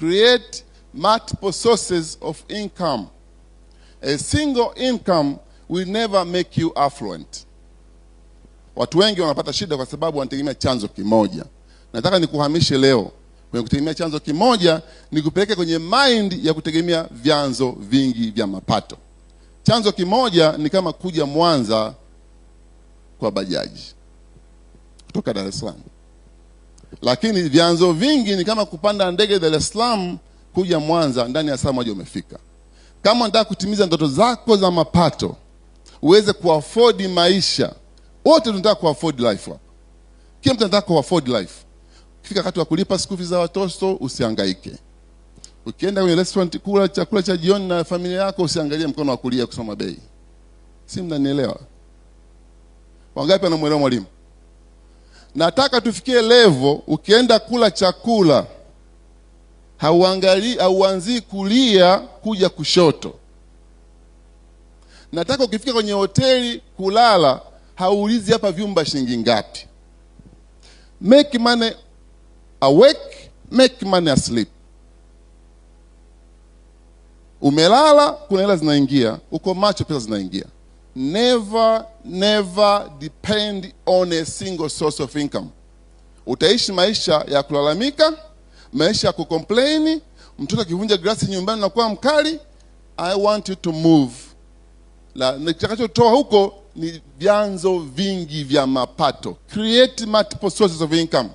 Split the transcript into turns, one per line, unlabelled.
create multiple sources of income. A single income will never make you affluent. Watu wengi wanapata shida kwa sababu wanategemea chanzo kimoja. Nataka nikuhamishe leo kwenye kutegemea chanzo kimoja, nikupeleke kwenye mind ya kutegemea vyanzo vingi vya mapato. Chanzo kimoja ni kama kuja Mwanza kwa bajaji kutoka Dar es Salaam lakini vyanzo vingi ni kama kupanda ndege Dar es Salaam kuja Mwanza, ndani ya saa moja umefika. Kama unataka kutimiza ndoto zako za mapato, uweze kuafodi maisha, wote tunataka kuafodi life hapa, kila mtu anataka kuafodi life. Ukifika wakati wa kulipa school fees za watoto, usihangaike. Ukienda kwenye restaurant kula chakula cha jioni na familia yako, usiangalie mkono wa kulia kusoma bei. Si mnanielewa? Wangapi anamwelewa mwalimu? nataka tufikie levo, ukienda kula chakula hauangalii hauanzii kulia kuja kushoto. Nataka ukifika kwenye hoteli kulala hauulizi hapa vyumba shilingi ngapi. Make money awake, make money asleep. Umelala, kuna hela zinaingia, uko macho, pesa zinaingia never never depend on a single source of income. Utaishi maisha ya kulalamika, maisha ya kukomplaini, mtoto akivunja glasi nyumbani nakuwa mkali. I want you to move. La nitakachotoa huko ni vyanzo vingi vya mapato. Create multiple sources of income.